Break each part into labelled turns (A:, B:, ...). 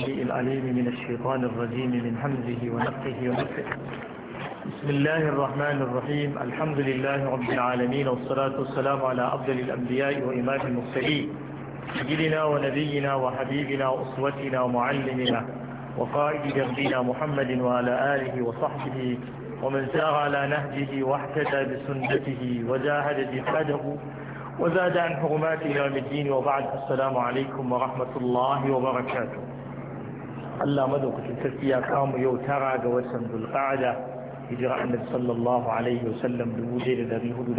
A: السميع العليم من الشيطان الرجيم من حمزه ونفخه ونفخه بسم الله الرحمن الرحيم الحمد لله رب العالمين والصلاة والسلام على أفضل الأنبياء وإمام المرسلين سيدنا ونبينا وحبيبنا وأسوتنا ومعلمنا وقائد جنبنا محمد وعلى آله وصحبه ومن سار على نهجه واحتدى بسنته وجاهد جهاده وزاد عن حرمات يوم الدين وبعد السلام عليكم ورحمة الله وبركاته Allah madaukakin sarki ya kamu yau tara ga watan Zulqa'ada hijira annabi sallallahu alaihi wa sallam 1440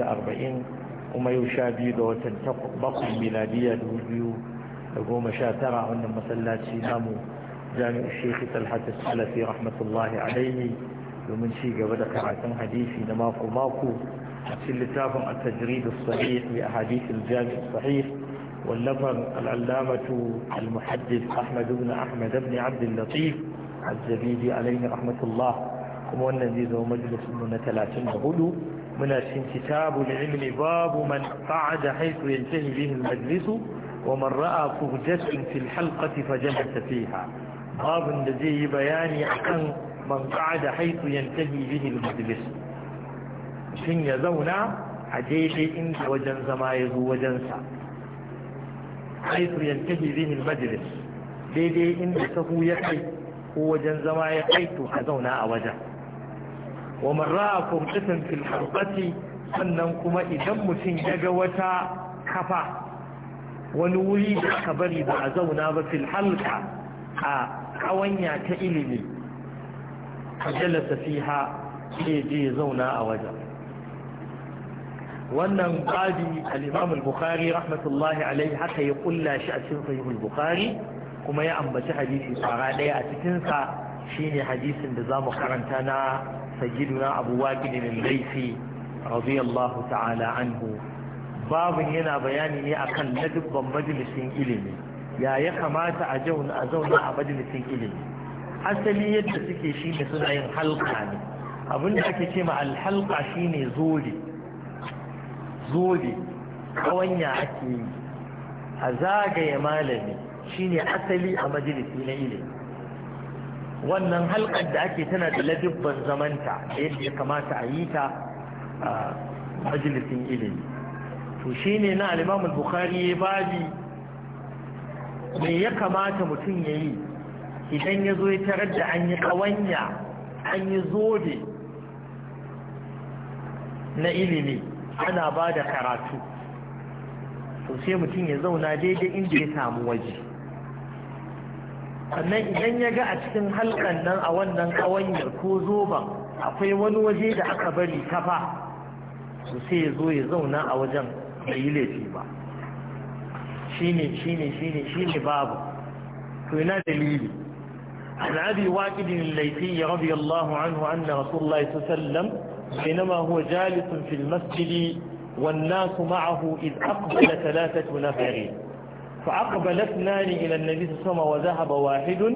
A: kuma yau sha biyu ga watan bakwai miladiya 2019 wannan masallaci namu jami'u Sheikh Talhat Salafi rahmatullahi alaihi domin ci gaba da karatun hadisi na mako mako a cikin littafin at-tajrid as-sahih li ahadith al-jami' as-sahih واللفظ العلامة المحدث أحمد بن أحمد بن عبد اللطيف الزبيدي عليه رحمة الله كما أن ذي مجلس من ثلاثين هدو من كتاب العلم باب من قعد حيث ينتهي به المجلس ومن رأى فهجة في الحلقة فجلس فيها باب الذي بياني أكن من قعد حيث ينتهي به المجلس شن يزونا عجيب إن وجن زما وجن وجنسا haifu yantahi bihi majlis daidai inda sahu ya kai ko wajen zama ya kai to ka zauna a wajen wa man ra'a kumtatan fil harbati sannan kuma idan mutum ya ga wata kafa wani wuri da aka bari ba a zauna ba fil halka a kawanya ta ilimi jalasa fiha sai je zauna a wajen wannan babi al-imam bukhari rahmatullahi alaihi haka ya kulla shi a cikin sahih bukari kuma ya ambaci hadisi tsara daya a cikin sa shine hadisin da zamu karanta na sayyiduna abu waqid bin laifi radiyallahu ta'ala anhu babin yana bayani ne akan dubban majalisin ilimi ya ya kamata a zauna a majalisin ilimi asali yadda suke shine suna yin halka ne abinda ake ce ma alhalka shine zuri dole kawanya ake yi a zagaye malami shine asali a majalisi na ilimi wannan halkar da ake tana da ladibban zamanta da yadda ya kamata a yi ta a majalisin ilimi to shine na al bukari ya babi me ya kamata mutum ya yi idan ya zo ya tarar da an yi kawanya an yi zobe na ilimi ana ba da karatu to sai mutum ya zauna daidai inda ya samu waje sannan idan ya ga a cikin halkan nan a wannan ƙawanyar ko zoban akwai wani waje da aka bari kafa to sai ya zo ya zauna a wajen bai yi laifi ba Shi shi ne, ne, shi ne, shi ne, babu to ina dalili عن أبي واكد laifi ya الله عنه أن رسول الله صلى الله عليه بينما هو جالس في المسجد والناس معه إذ أقبل ثلاثة نفرين فأقبل اثنان إلى النبي صلى الله عليه وسلم وذهب واحد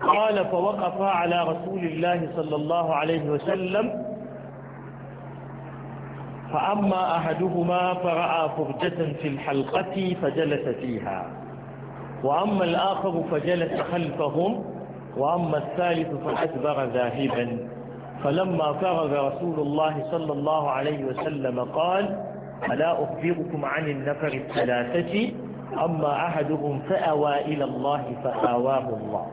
A: قال فوقفا على رسول الله صلى الله عليه وسلم فأما أحدهما فرأى فرجة في الحلقة فجلس فيها وأما الآخر فجلس خلفهم وأما الثالث فأدبر ذاهبا فلما فرغ رسول الله صلى الله عليه وسلم قال ألا أخبركم عن النفر الثلاثة أما أحدهم فأوى إلى الله فآواه الله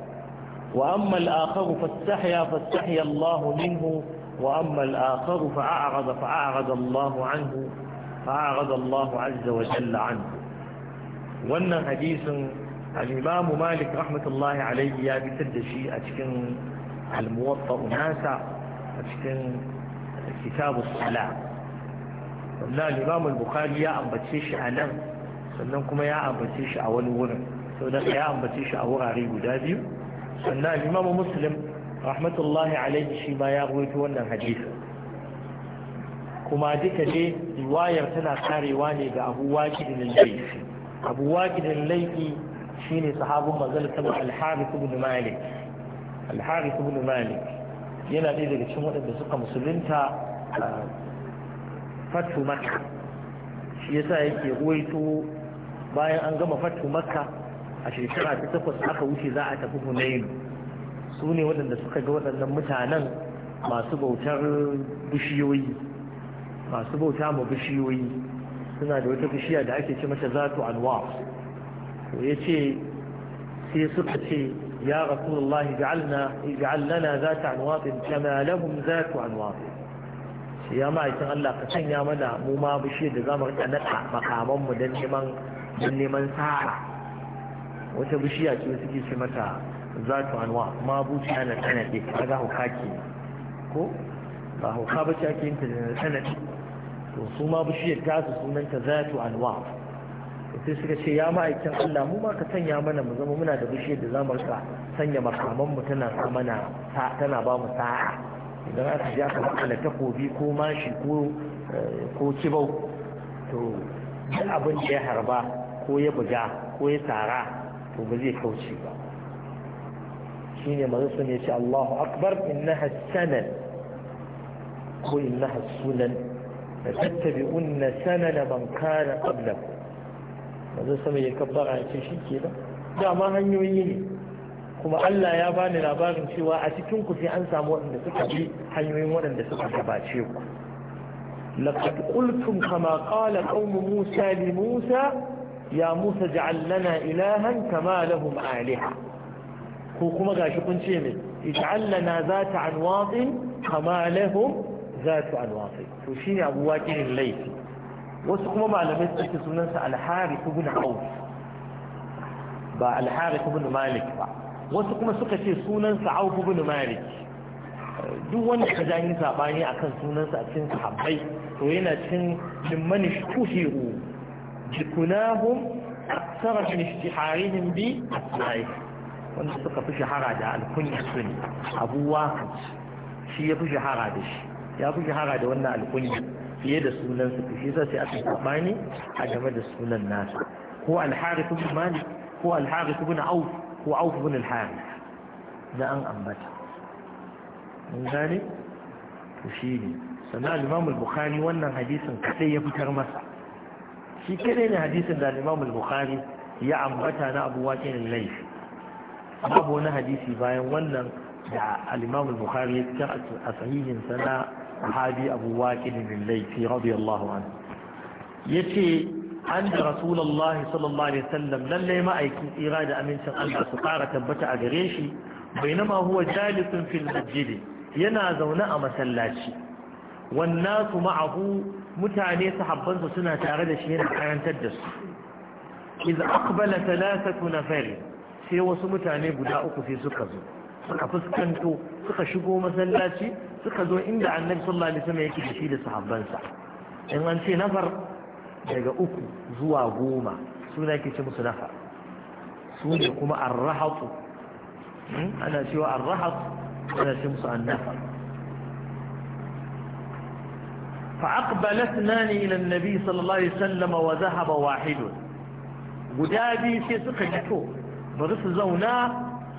A: وأما الآخر فاستحيا فاستحيا الله منه وأما الآخر فأعرض فأعرض الله عنه فأعرض الله عز وجل عنه وأن حديث الإمام مالك رحمة الله عليه يا بسد شيء أتكن الموطأ ناسا a cikin kitabu sala wannan imam al-bukhari ya ambace shi a nan sannan kuma ya ambace shi a wani wurin sau da ya ambace shi a wurare guda biyu sannan imam muslim rahmatullahi alaihi shi ma ya rawaito wannan hadisin kuma duka dai riwayar tana karewa ne ga abu waqidin laifi abu waqidin laifi shine sahabin manzon sama al-harith ibn malik al-harith ibn malik yana ɗaya daga cikin waɗanda suka musulunta fatu makka shi yasa yake ruwaito bayan an gama fatu makka a shekara ta takwas aka wuce za a tafi hunayin su ne waɗanda suka ga waɗannan mutanen masu bautar bishiyoyi masu bauta ma bishiyoyi suna da wata bishiya da ake ce mata zatu anwa to ya ce sai suka ce يا رسول الله اجعلنا اجعل لنا ذات عنواط كما لهم ذات عنواط ya ma'aikin Allah ka sanya mana mu ma bishe da za mu rika naɗa makaman mu don neman sa'a wata bishiya ce suke ce mata anwa ma buci ana tsanade kaga hauka ke ko ba hauka ba ake yin ta da tsanade to ma bishiyar ta su sunanta zatu anwa sai suka ce ya ma'aikin Allah mu ma ka sanya mana mu zama muna da bishiyar da zamu rika sanya makaman mu tana sa mana tana ba mu sa'a idan aka je aka kalla takobi ko mashi ko eh, ko kibau to duk abin da ya harba ko ya buga ko ya tsara to ba zai kauce ba shine manzo ne ce Allahu akbar innaha sanan ko innaha sunan tattabi'unna sanana man kana qablakum yanzu sama ya kabbar a yake shi ke ba dama hanyoyi ne kuma Allah ya bani labarin cewa a cikin ku sai an samu waɗanda suka bi hanyoyin waɗanda suka gabace ku laqad qultum kama qala qaum musa li musa ya musa ja'al lana ilahan kama lahum aliha ko kuma gashi kun ce ne ij'al lana zata anwaqin kama lahum zatu anwaqin to shine abuwa kin laifi wasu kuma malamai suke sunansa al ibn auf ba al ibn malik ba wasu kuma suka ce sunansa auf ibn malik duk wanda ka jani sabani akan sunansa a cikin sahabbai to yana cikin limman shuhiru jikunahum aksara min ishtiharihim bi asma'i wanda suka fi shahara da alkunya sun shi ya fi shahara da shi ya fi shahara da wannan alkunya fiye da sunan su shi sa sai aka sabani a game da sunan nasa ko al-harith ibn malik ko al-harith ibn auf ko auf ibn alharif harith da an ambata mun gane to shi ne sannan al-imam al-bukhari wannan hadisin kadai ya fitar masa shi kadai ne hadisin da al-imam al-bukhari ya ambata na abu waqi' al-layth babu wani hadisi bayan wannan da al-imam al-bukhari ya fitar a sahihin sana'a. sahabi abu waqid bin laifi radiyallahu ya yace an da rasulullahi sallallahu alaihi wasallam lalle ma'aikin tsira da amincin Allah su ƙara tabbata a gare shi bainama huwa jalisun fil masjid yana zaune a masallaci wannan su ma'ahu mutane sahabbansa suna tare da shi yana karantar da su iz aqbala thalathatu nafari sai wasu mutane guda uku sai suka zo suka fuskanto suka shigo masallaci suka zo inda annabi sallallahu alaihi wasallam yake da da sahabbansa in an ce nafar daga uku zuwa goma suna yake ce musu nafar su ne kuma arrahatu hmm? ana cewa arrahatu ana ce musu annafar فأقبل اثنان إلى النبي صلى الله عليه وسلم وذهب واحد guda biyu sai suka fito bari su zauna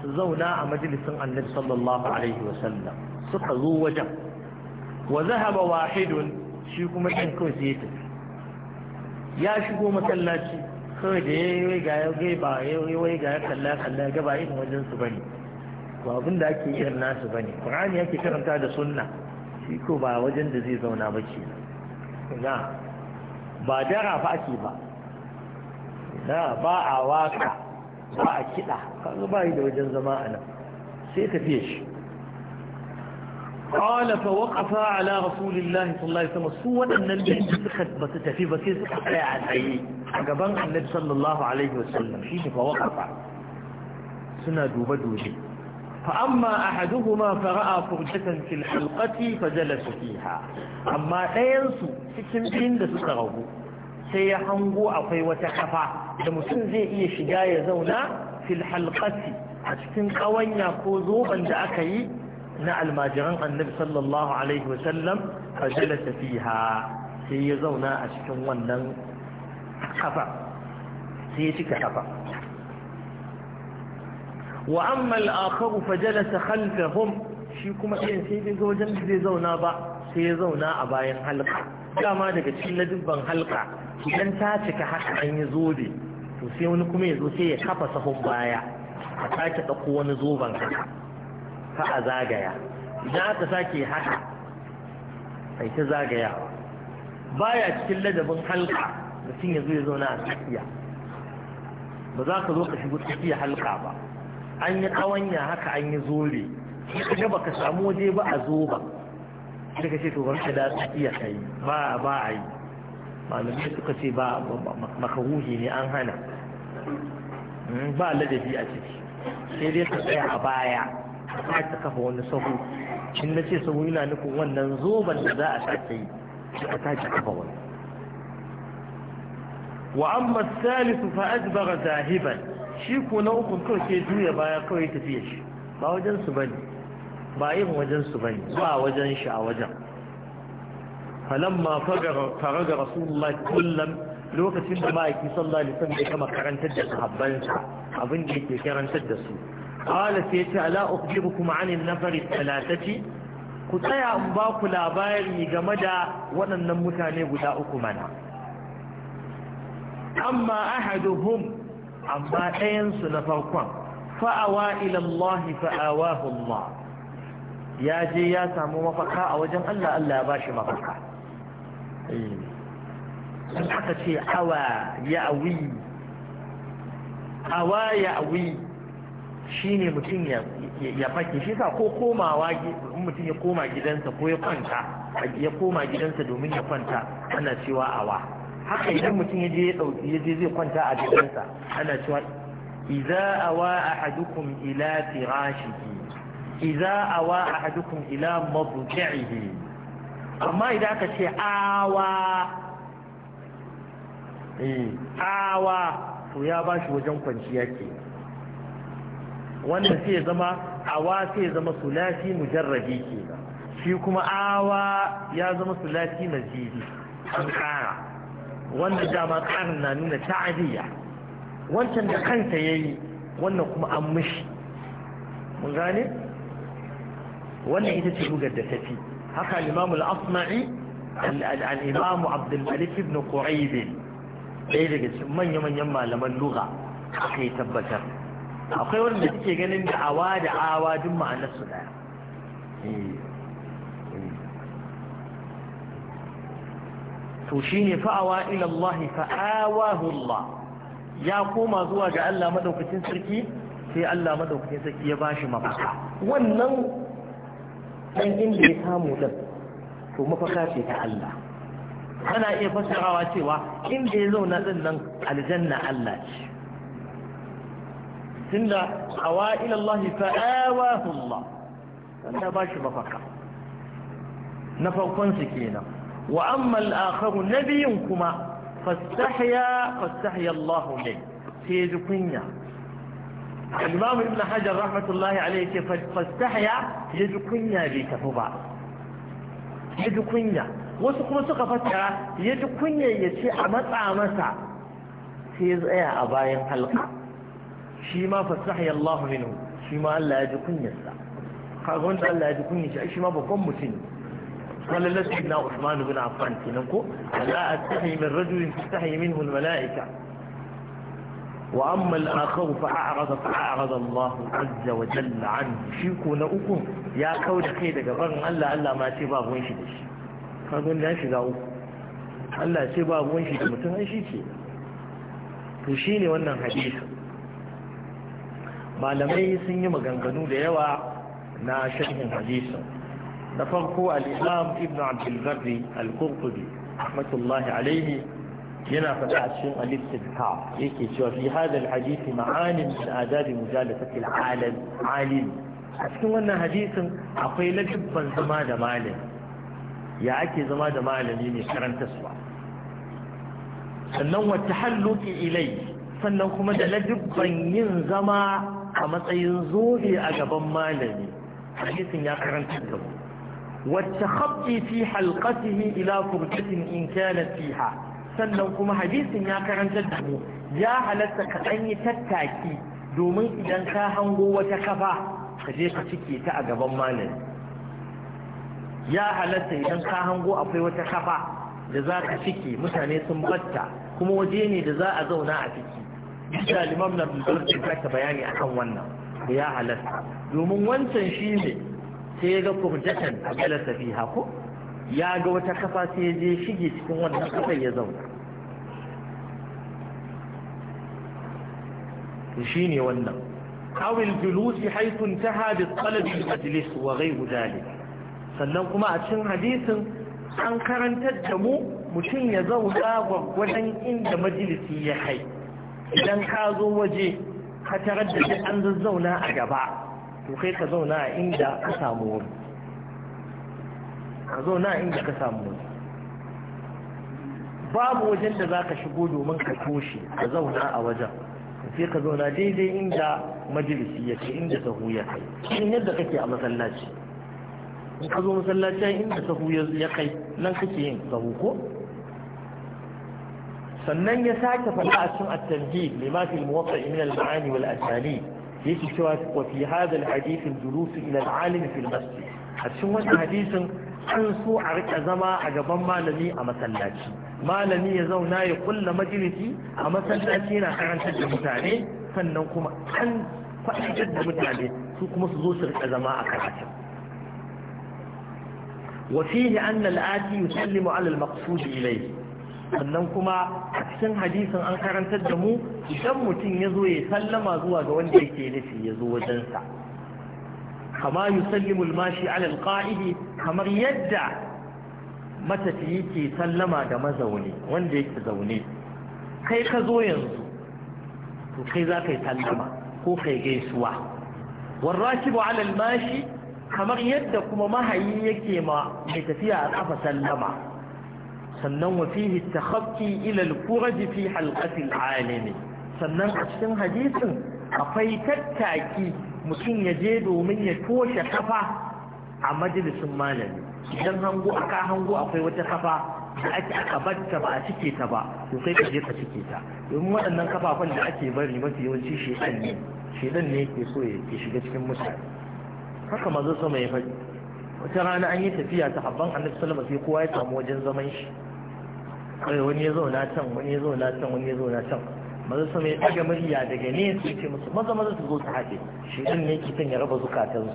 A: su zauna a majalisin annabi sallallahu alaihi wasallam suka zo wajen wa zahaba wahidun shi kuma ɗan kawai sai ya tafi ya shigo masallaci kawai da ya yi ga ya gai ba yayi yi wai ga ya kalla kalla ga ba irin wajen su bane ba abin da ake irin nasu bane qur'ani yake karanta da sunna shi ko ba wajen da zai zauna ba ce na ba dara fa ake ba na ba a waka ba a kiɗa kanzu ba yi wajen zama a nan sai ka shi ƙwala waƙafa ala rasulun lahi sallallahu alaihi su waɗannan da suka ba tafi ba sai suka tsaya a tsaye a gaban annabi sallallahu alaihi wasallam shi ne waƙafa suna duba doje fa amma a haduhuma fa ra'a furjatan fil halqati fa jalasa fiha amma ɗayan su cikin biyin da suka rago sai ya hango akwai wata kafa da mutum zai iya shiga ya zauna fil halqati a cikin kawanya ko zoban da aka yi na almajiran annabi sallallahu alaihi wasallam fajalasa fiha sai ya zauna a cikin wannan kafa sai ya cika kafa wa amma al-akhar fajalasa khalfahum shi kuma irin sai wajen da zai zauna ba sai ya zauna a bayan halqa dama daga cikin ladubban halka idan ta cika haka an yi zobe to sai wani kuma ya zo sai ya kafa sahun baya a sake ɗauko wani zoben haka ta a zagaya idan aka sake haka sai ta zagayawa baya cikin ladabin halka mutum ya zo ya zauna a tsakiya ba za ka zo ka shigo tsakiya halka ba an yi ƙawanya haka an yi zobe ka ba ka samu waje ba a zo ba sai ka ce to barka da su iya kai ba ba a yi malamai suka ce ba makaruhi ne an hana hmm, ba ladabi a ciki sai dai ka tsaya a baya ka ta kafa wani sahu in na ce sahu yana nufin wannan zoban da za a sake yi ka tashi kafa wani wa amma salisu fa azbara zahiban shi ko na uku kawai ke juya baya kawai tafiya shi ba wajen su bane ba yin wajensu ba ne ba wajen shi a wajen falamma faraga rasulullah kullum lokacin da ma'aiki sallallahu alaihi wasallam ya kama karantar da sahabbansa abin da yake karantar da su qala sai ta ala kuma an an-nafar thalathati ku tsaya in ba ku labari game da waɗannan mutane guda uku mana amma ahaduhum amma ɗayan su na farkon fa'awa ilallahi Allah fa'awahu Allah ya je ya samu mafaka a wajen Allah Allah ya bashi mafaka sun eh. haka ce awa ya'awi awa ya'awi shine mutum ya fake shi sa ko komawa mutum ya koma gidansa ko ya kwanta ya koma gidansa domin ya kwanta ana cewa awa haka idan mutum ya je ya dauki ya je zai kwanta a gidansa ana cewa idza awa ahadukum ila firashihi iza awa ahadukum ila mabdi'ihi amma idan aka ce awa eh awa to ya bashi wajen kwanciya ke wannan sai ya zama awa sai ya zama sulasi mujarrabi ke shi kuma awa ya zama sulasi mazidi an kara wanda dama karin na nuna ta'adiyya wancan da kansa yayi wannan kuma an mishi mun gane wannan ita ce bugar da tafi haka al al-asma'i al-imam abd al-malik ibn quraib ɗaya daga cikin manya-manyan malaman lugha aka yi tabbatar akwai wanda suke ganin da awa da awa duk ma'anar su daya to shine fa'awa ila Allah fa'awahu Allah ya koma zuwa ga Allah madaukakin sarki sai Allah madaukakin sarki ya bashi mafaka wannan ɗan inda ya samu din to mafaka ce ta Allah ana iya fassarawa cewa inda ya zauna din nan aljanna Allah ce tunda hawa ila Allah fa awahu Allah wanda ba shi mafaka na farkon su kenan wa amma al na nabiyin kuma fastahya fastahya Allah ne sai ji kunya Imam Ibn Hajar rahmatullahi alayhi ce fastahya ya ji bai tafi ba. Ya ji kuma suka fassara ya ji kunya a matsa masa sai ya tsaya a bayan halka. Shi ma fastahya Allah minhu shi ma Allah ya ji wanda Allah ya ji kunya shi ma babban mutum ne. Kwallon Usman Ibn Affan kenan ko? Allah a tsahi min rajulin tsahi minhu al-mala'ika. وأما الآخر فأعرض فأعرض الله عز وجل عنه شيكو نأكم يا كود كيدا قبرن ألا ألا ما تبا بونشي دش فأقول لا شغاو ألا تبا بونشي دمتن أشي كي تشيني وانا حديث malamai sun yi maganganu da yawa na sharhin hadisin da farko al-islam ibn abdulgarri al-qurtubi rahmatullahi alaihi yana faɗa a cikin al-istisqa yake cewa fi hadal hadisi ma'anin min adabi mujalasati al-alim alim a cikin wannan hadisin akwai ladabban zama da malami ya ake zama da malami mai karanta suwa sannan wata halluki ilai sannan kuma da ladabban yin zama a matsayin zobe a gaban malami hadisin ya karanta da mu wata khabbi fi halqatihi ila furqatin in kana fiha sannan kuma hadisin ya karantar da mu ya halatta ka ɗan yi tattaki domin idan ka hango wata kafa ka je ka cike ta a gaban malam. ya halatta idan ka hango akwai wata kafa da za ka cike mutane sun batta kuma waje ne da za a zauna a ciki bisa limam na bulbarci za ka bayani akan wannan da ya halatta domin wancan shi ne sai ya ga furjatan a galasa fiha ko ya ga wata kafa sai ya je shige cikin wannan kafar ya zauna shi ne wannan awil julusi haifun ta hadis talabin majalis wa gai gudale sannan kuma a cikin hadisin an karantar da mu mutum ya zauna gwaggwadon inda majalisi ya kai idan ka zo waje ka tarar da an zazzauna a gaba to kai ka zauna a inda ka samu wuri ka zo na inda ka samu waje babu wajen da za ka shigo domin ka toshe ka zauna a wajen sai ka zauna daidai inda majalisi ya ce inda sahu ya kai in yadda kake a masallaci in ka zo masallaci inda sahu ya kai nan kake yin sahu ko sannan ya sake faɗa a cikin at-tanjid lima fi al-muwatta' min al-ma'ani wal asani yake cewa wa fi hadha al-hadith al-julus ila al-alim fi al-masjid a cikin wannan hadisin an so a rika zama a gaban malami a masallaci malami ya zauna ya kulla majalisi a masallaci yana karantar da mutane sannan kuma an faɗaɗar da mutane su kuma su zo su rika zama a karatu وفيه أن الآتي يسلم على المقصود إليه sannan kuma a cikin hadisin an karantar da mu idan mutum ya zo ya sallama zuwa ga wanda yake nufi ya zo wajensa kama yusallimu al-mashi ala kamar yadda matafiyi ke sallama da mazauni wanda yake zaune kai ka zo yanzu to kai za ka yi sallama ko kai gaisuwa warrasibu ala al-mashi kamar yadda kuma mahayi yake ma mai tafiya a ƙafa sallama sannan wa fihi takhaffi ila al-furaj fi halqati al sannan a cikin hadisin akwai tattaki mutum ya je domin ya toshe kafa a majalisun malami idan hango ka hango akwai wata kafa da ake aka batta ba a cike ta ba to sai ka je ka cike ta domin waɗannan kafafan da ake bari mafi yawanci shedan ne shedan ne yake so ya shiga cikin mutane haka mazo sama ya faɗi wata rana an yi tafiya ta habban annabi sallallahu alaihi wasallam sai kowa ya samu wajen zaman shi kai wani ya zauna can wani ya zauna can wani ya zauna can maza su mai daga murya daga ne su ce musu maza maza su zo su haɗe shi ɗan ne ke son ya raba zukatansu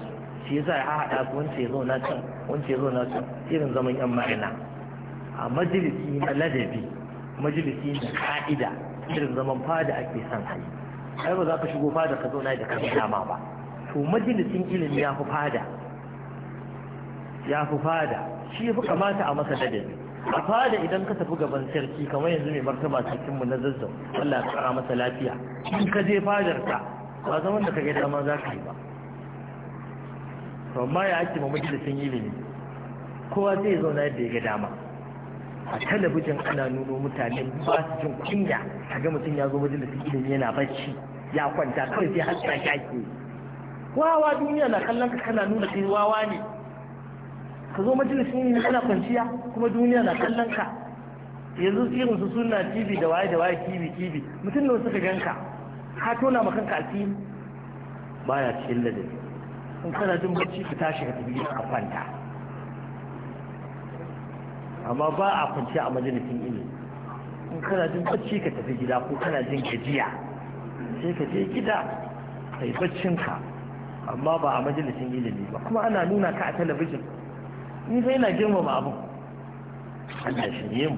A: shi yasa ya haɗa su wance ya na can wance zo na can irin zaman yan marina a majalisi na ladabi majalisi na ka'ida irin zaman fada ake son hali ai ba za ka shigo fada ka zauna da kan dama ba to majalisin ilimi ya fi fada ya fi fada shi ya fi kamata a masa ladabi a fada idan ka tafi gaban sarki kamar yanzu mai martaba cikin mu na zazzau Allah ya kara masa lafiya in ka je fadar ka ba zama da kage dama za ka yi ba amma ya ake ma yi ilimi kowa zai zauna yadda ya ga dama a talabijin ana nuno mutane ba su jin kunya a ga mutum ya zo da ilimi yana bacci ya kwanta kawai sai har tsaka ke wawa duniya na kallon ka kana nuna kai wawa ne ka zo majalisin ne kana kwanciya kuma duniya na kallon ka yanzu irin su suna tv da waye da waye tv tv mutum da suka ganka ka tona ma kanka asiri baya cikin ladabi in kana jin bacci ka tashi ka tafi ka kwanta amma ba a kwanciya a majalisin ilimi in kana jin bacci ka tafi gida ko kana jin gajiya sai ka je gida kai baccinka amma ba a majalisin ilimi ba kuma ana nuna ka a talabijin ni sai na girmama abin Allah ne mu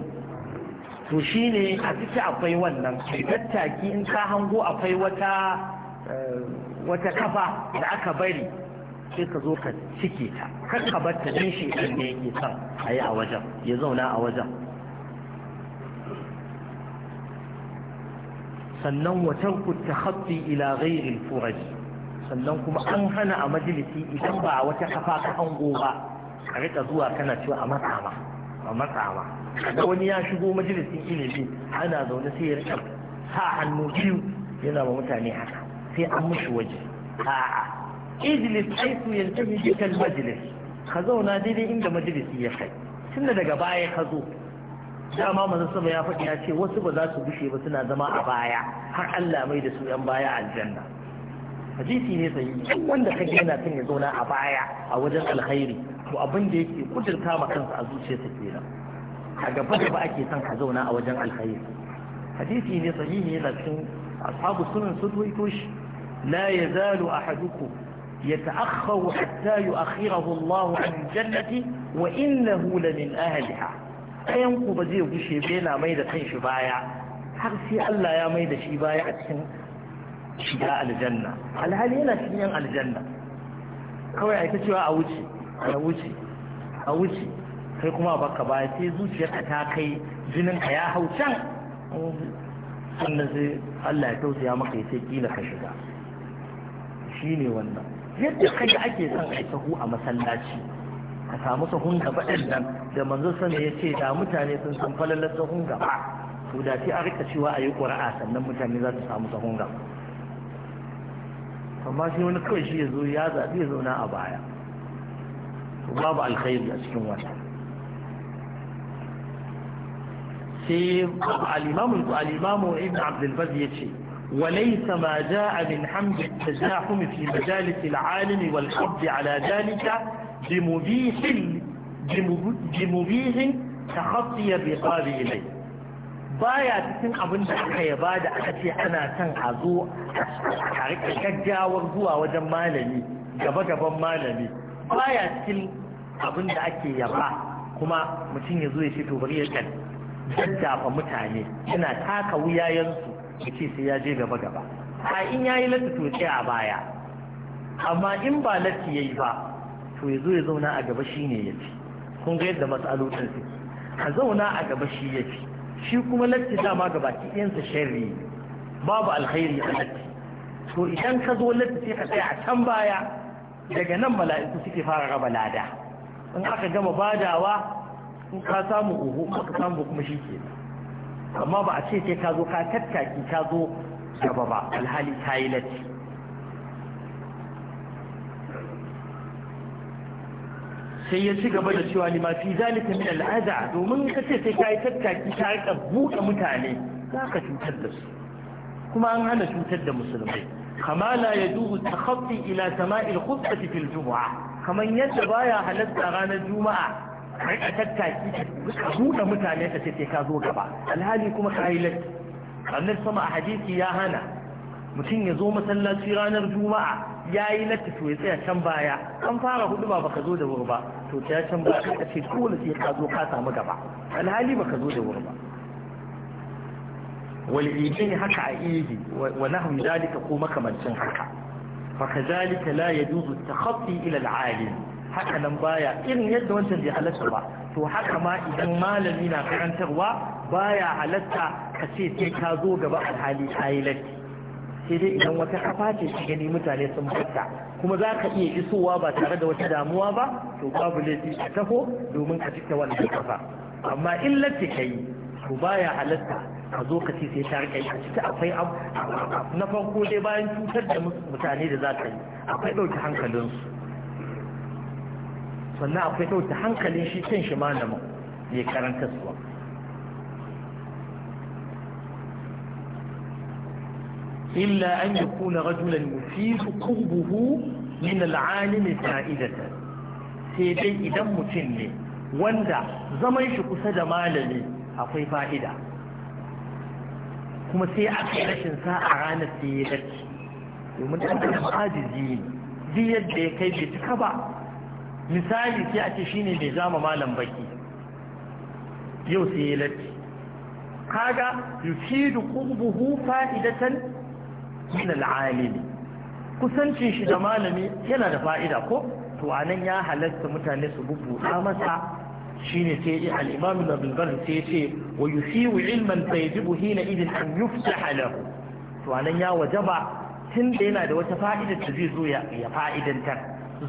A: to shi ne a ciki akwai wannan tattaki in ka hango akwai wata eh, wata kafa da aka bari sai ka zo ka cike ta kar ka bar ta din shi idan ne yake son a yi a wajen ya zauna a wajen sannan watan ku takhatti ila ghairi al sannan kuma an hana a majalisi idan ba wata kafa ka hango ba a rika zuwa kana cewa a matsawa a matsawa da wani ya shigo majalisin ilimi ana zaune sai ya rika sa hannu biyu yana wa mutane haka sai an mushi waje a'a ijlis haitu yantahi bika majalis ka zauna daidai inda majalisi ya kai tunda daga baya ka zo dama mazan sama ya faɗi ya ce wasu ba za su gushe ba suna zama a baya har Allah mai da su yan baya aljanna hadisi ne sai duk wanda ka yana kan ya zauna a baya a wajen alkhairi to abin da yake kudurta ma kansa a zuciyarsa kenan a gaba ake son ka zauna a wajen alkhairi hadisi ne sahihi yana cikin ashabu sunan sun ruwaito shi la yazalu ahadukum wa حتى يؤخره الله عن الجنة وإنه لمن أهلها أينكو بزي وشي mai da kanshi baya har sai Allah ya mai da shi baya a cikin shiga aljanna alhali yana cikin yan aljanna kawai aika cewa a wuce a wuce a wuce kai kuma baka ba sai zuciyarka ta kai jinin ka ya hau can sannan sai Allah ya tausaya maka sai kila ka shiga shine wannan yadda kai ake son a tahu a masallaci ka samu sahun gaba ɗin nan da manzo sani ya ce da mutane sun san falalar sahun gaba to da sai a rika cewa a yi ƙura'a sannan mutane za su samu sahun gaba amma shi wani kawai shi ya zo ya zaɓi ya zauna a baya
B: babu alkhairi a cikin wata
A: sai al'imamu al'imamu ibn abdulbaz ya ce وليس ما جاء من حمد التزاحم في مجالس العالم والحب على ذلك بمبيح بمبيح تخطي الرقاب إليه baya cikin abin da aka yaba da aka ce ana son a zo a rika gaggawar zuwa wajen malami gaba-gaban malami baya cikin abin da ake yaba kuma mutum ya zo ya ce to bari ya kan daddafa mutane yana taka wuyayensu ya ce sai ya je gaba-gaba a in ya yi lati to a baya amma in ba lati ya yi ba to ya zo ya zauna a gaba shi ne ya ci kun ga yadda matsalolin suke a zauna a gaba shi ya ci shi kuma latti dama ga baki ɗayansa sharri babu alkhairi a latti to idan ka zo latti sai ka tsaya a can baya daga nan mala'iku suke fara raba lada in aka gama badawa in ka samu uhu ka samu kuma shi ke amma ba a ce sai ka zo ka tattaki ka zo gaba ba alhali ka yi latti sai ya ci gaba da cewa lima fi zalika min al'aza domin ka ce sai ka yi tattaki ka rika buɗe mutane za ka cutar da su kuma an hana cutar da musulmai kama la duhu takhatti ila sama'il khutbati fil jumu'a kaman yadda baya halatta ranar juma'a rika tattaki ka buɗe mutane ka ce sai ka zo gaba alhali kuma ka yi latti annabi sama a hadisi ya hana mutum ya zo masallaci ranar juma'a ya yi latti to ya tsaya can baya an fara hudu ba baka zo da wuri ba to ta can baya ka ce dole sai ka zo ka samu gaba alhali baka zo da wuri ba wal ne haka a idi wa nahum zalika ko makamancin haka fa kadhalika la yajuzu takhaffi ila al-alim haka nan baya irin yadda wancan bai halatta ba to haka ma idan malami na karantarwa baya halatta ka ce sai ka zo gaba alhali yi latti sai dai idan wata kafa ce ta gani mutane sun fata kuma za ka iya isowa ba tare da wata damuwa ba to babu laifi a taho domin ka cika wannan kafa amma in latti ka yi to baya halatta ka zo ka ce sai ta rika yi a ciki akwai abu na farko dai bayan cutar da mutane da za ka yi akwai ɗauki hankalinsu sannan akwai ɗauki hankalin shi kan shi malamin ya karanta suwa إلا أن يكون رجلا مفيد قربه من العالم فائدة سيدي إذا متن وندع زمن شكو سد مالني أخي فائدة كما سيأتي لشن ساعة عانة سيدك يومن أنت عاجزين دي يدي كي بتكبع misali sai a ce shine mai zama malam baki yau sai ya latti kaga yufidu qurbuhu fa'idatan min al'alimi kusancin shi da malami yana da fa'ida ko to anan ya halatta mutane su bubuɗa masa shine sai al-imam ibn abdul bar ce wa yusiu ilman fa hina idin an yuftaha lahu to anan ya wajaba tun da yana da wata fa'ida da zai zo ya fa'idantar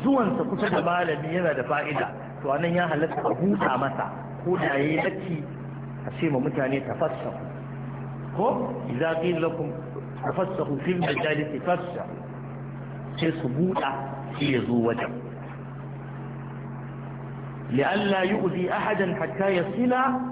A: zuwansa kusa da malami yana da fa'ida to anan ya halatta ka busa masa ko da yayi latti a ce ma mutane tafassahu ko idza qila lakum تفسخ في المجالس فسخ في ثبوت في ذوجة لئلا يؤذي أحدا حتى يصل